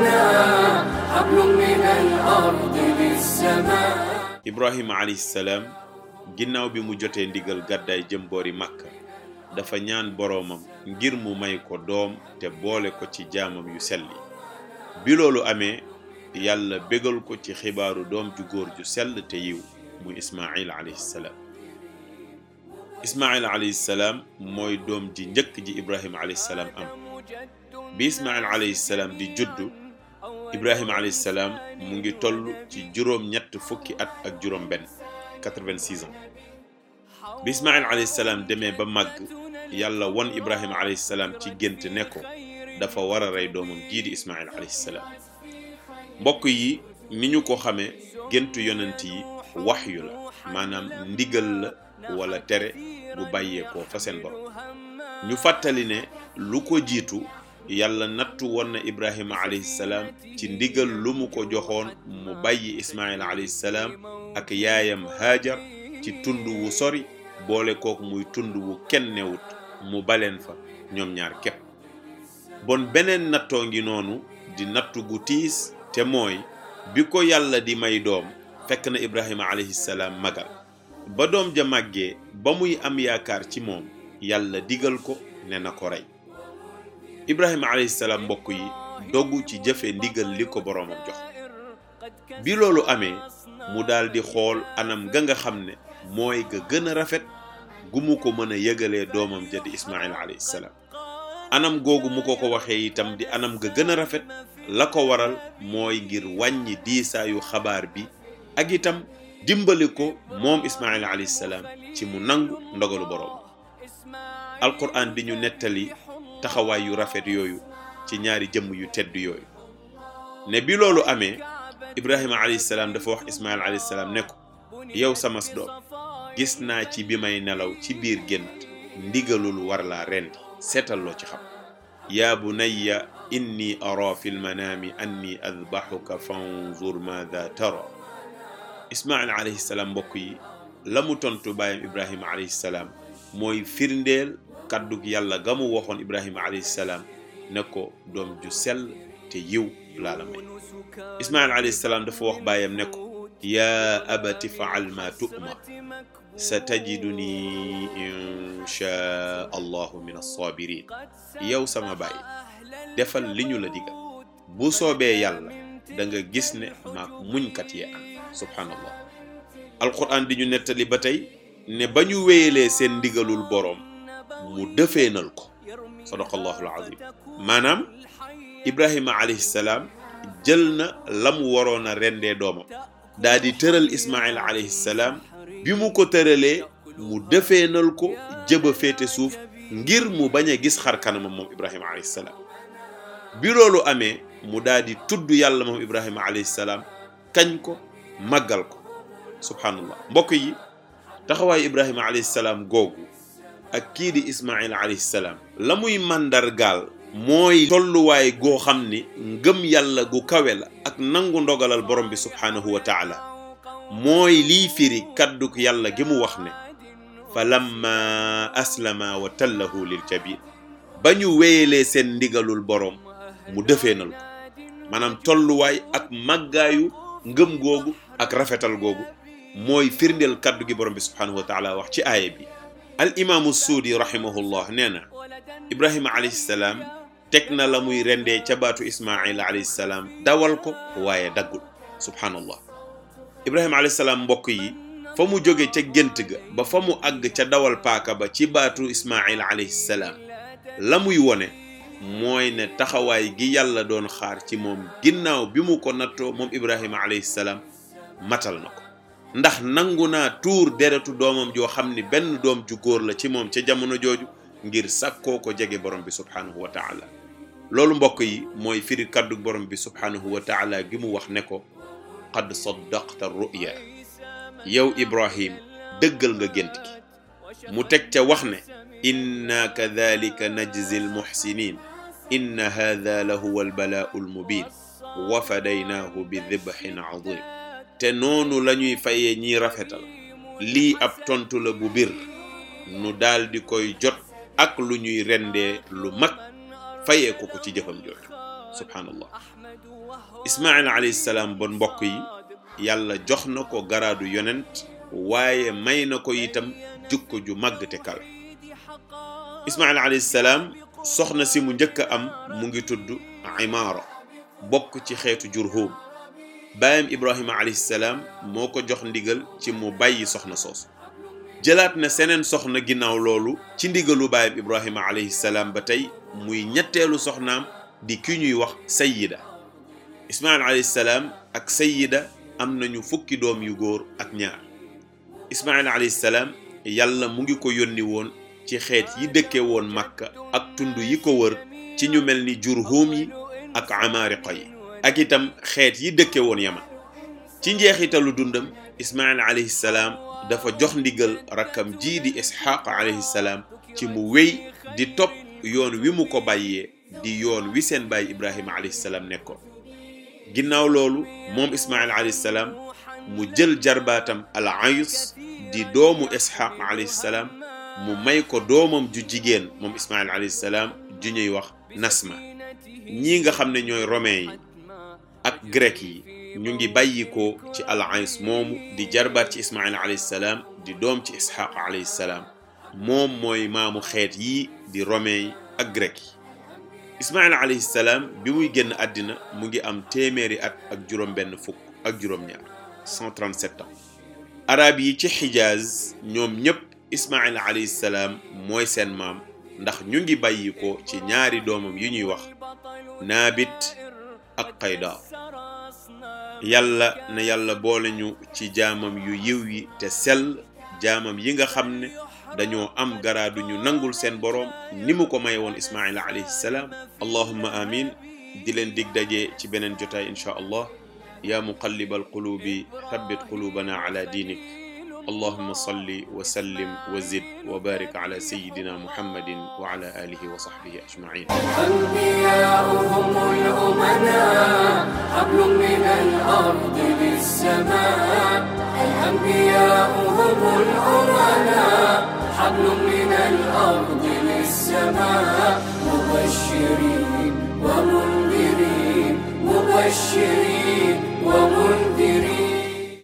لنا حبل ginnaaw bi mu jotee ndigal gàddaay jëm boori Makka dafa ñaan boroomam ngir mu may ko doom te boole ko ci jaamam yu selli loolu amee yàlla bégal ko ci xibaaru doom ju góor ju sell te yiw muy Ismaayil alayhi salaam mooy doom ji njëkk ji Ibrahima alayhi salaam am bi Ismaayil alayhi di juddu. Ibrahima alayhi salaam mu ngi toll ci juróom-ñett fukki at ak juróom-benn 86 ans bi Ismaïl alayhi salaam demee ba màgg yàlla won Ibrahima alayhi salaam ci gént ne ko dafa war a rey doomam jii di Ismaïl alayhi mbokk yi ni ñu ko xamee géntu yonent yi waxyu la maanaam ndigal la wala tere bu bàyyeekoo fa seen borom ñu fàttali ne lu ko jiitu. yàlla nattu woon na ibrahima alayhi salaam ci ndigal lu mu ko joxoon mu bàyyi ismaila alayhi ak yaayam haajar ci tund wu sori boole kooku muy tund wu kenn newut mu baleen fa ñoom ñaar képp bon beneen nattoo ngi noonu di nattu gu tiis te mooy bi ko yàlla di may doom fekk na ibrahima alayhi salaam magal ba doom ja màggee ba muy am yaakaar ci moom yàlla digal ko ne na ko rey ibrahima alayhi salaam mbokk yi dogg ci jëfe ndigal li ko boroomam jox bi loolu amee mu daldi xool anam ga nga xam ne mooy ga gën a rafet gu mu ko mën a yëgalee doomam ja di ismail anam googu mu ko ko waxee itam di anam ga gën a rafet la ko waral mooy ngir wàññi diisaayu xabaar bi ak itam dimbali ko moom ismail alayhi salaam ci mu nangu ndogalu boroom taxawaay yu rafet yooyu ci ñaari jëmm yu tedd yooyu ne bi loolu amee Ibrahima alayhi salaam dafa wax Ismaïl alayhi salaam ne ko yow sama doom gis naa ci bi may nelaw ci biir gént ndigalul war laa rendi seetal loo ci xam yaa bunayya inni ara fi lmanaami anni adbaxuka fanzur maada tara Ismaïl alayhi salaam mbokk yi la mu tontu baayam Ibrahima alayhi salaam mooy firndeel kàddug yàlla ga mu waxoon ibrahima alayhi salaam ne ko doom ju sell te yiw laa la may ismail alayhi salaam dafa wax baayam ne ko yaa abati faal ma tu'mar sa tajiduni insha allahu min as-sabirin sama baay defal li ñu la digal bu soobee yàlla da nga gis ne maak muñkat yee am subhaanallah alquran di ñu nettali ba tey ne ba ñu wéyalee seen ndigalul boroom mu dëfeenal ko maanaam ibrahima alayhi salaam jël na la mu waroon a rendee doomam daa di tëral ismail alayhi salaam bi mu ko tëralee mu dëfeenal ko jëba féete suuf ngir mu bañ a gis xarkanam kanamam moom ibrahima alayhi salaam bi amee mu daa di tudd yàlla moom ibrahima alayhi salaam kañ ko màggal ko subhaanallah mbokk yi taxawaay ibrahima alayhi salaam googu ak kii di Ismaïl alayhi salaam la muy màndargaal mooy tolluwaay goo xam ni ngëm yàlla gu kawe la ak nangu ndogalal borom bi subhaanahu wa taala mooy lii firi kàddu yàlla gi mu wax ne fa lamma aslama wa tallahu lil jabin ba ñu wéyelee seen ndigalul borom mu defeenal ko maanaam tolluwaay ak màggaayu ngëm googu ak rafetal googu mooy firndeel kàddu gi borom bi subhaanahu wa taala wax ci aaya bi al imaamu suudi rahimahullah nee na ibrahima alayhi salaam teg na la muy rendee ca baatu ismaa alayhi salaam dawal ko waaye daggul subhaanallah ibrahima alayhi salaam mbokk yi fa mu jóge ca gént ga ba fa mu àgg ca dawal paaka ba ci baatu ismail alayhi salaam la muy wone mooy ne taxawaay gi yàlla doon xaar ci moom ginnaaw bi mu ko nattoo moom ibrahima alayhi salaam matal na ko ndax nangu naa tuur deretu doomam joo xam ni benn doom ju góor la ci moom ca jamono jooju ngir sàkkoo ko jege borom bi subhaanahu wa taala loolu mbokk yi mooy firi kaddu borom bi subhaanahu wa taala gi mu wax ne ko qad saddaqta ruya yow ibrahim dëggal nga gént gi mu teg ca wax ne inna kadalika najzi almuxsinin inna hada la huwa albalaa almubin wa fadaynaahu bi dibxin azim te noonu lañuy ñuy fayee ñiy rafetal lii ab tontu la bu biir nu daldi koy jot ak lu ñuy rendee lu mag fayee ko ko ci jëfam jooju subhaanallah ismail alayhi salaam bon mbokk yi yàlla jox na ko garaadu yonent waaye may na ko itam jukko ju màgg te kawe ismail alayhi salaam soxna si mu njëkk am mu ngi tudd imaara bokk ci xeetu jurhum baayam Ibrahima alayhi salaam moo ko jox ndigal ci mu bàyyi soxna soos jëlaat na seneen soxna ginnaaw loolu ci ndigalu baayam Ibrahima alayhi salaam ba tey muy ñetteelu soxnaam di ki ñuy wax Sayyida Ismaïl alayhi salaam ak Sayyida am nañu fukki doom yu góor ak ñaar Ismaïl alayhi salaam yàlla mu ngi ko yónni woon ci xeet yi dëkke woon Makka ak tund yi ko wër ci ñu mel ni Jurhum yi ak Amaariqa yi. ak itam xeet yi dëkke woon yaman ci njeexitalu dundam ismail alayhi salaam dafa jox ndigal rakkam jii di isxaq alayhi salaam ci mu wéy di topp yoon wi mu ko bàyyee di yoon wi seen bàyyi ibrahima alayhi salaam nekkoon ginnaaw loolu moom ismail alayhi salaam mu jël jarbaatam al ayus di doomu isxaq alayhi salaam mu may ko doomam ju jigéen moom ismail alayhi salaam ju ñuy wax nas ma ñi nga xam ne ñooy romin yi ak grec yi ñu ngi bàyyikoo ci alains moomu di jarbaat ci ismail alayhi salaam di doom ci isxaq alayhi salaam moom mooy maamu xeet yi di romain yi ak grec yi ismail alayhi salaam bi muy génn àddina mu ngi am téeméeri at ak juróom benn fukk ak juróom-ñaar arab yi ci xijaaz ñoom ñépp ismail alayhi salaam mooy seen maam ndax ñu ngi bàyyi ci ñaari doomam yu ñuy wax naabit ak qaydaa yàlla na yàlla boole ñu ci jaamam yu yiw yi te sel jaamam yi nga xam ne dañoo am garaadu ñu nangul seen borom ni mu ko maye woon ismaila alayhi salaam allahumma amin di leen dig daje ci beneen jotaay inchaa allah yaa muqallibal quluubi thabbit quluubana ala diinik allahuma salli wa sallim wa zid wa barik ala sayidina muhammadin wa ala alihi wa sahbihi ajmain حبل من الأرض للسماء مبشرين ومنذرين مبشرين ومنذرين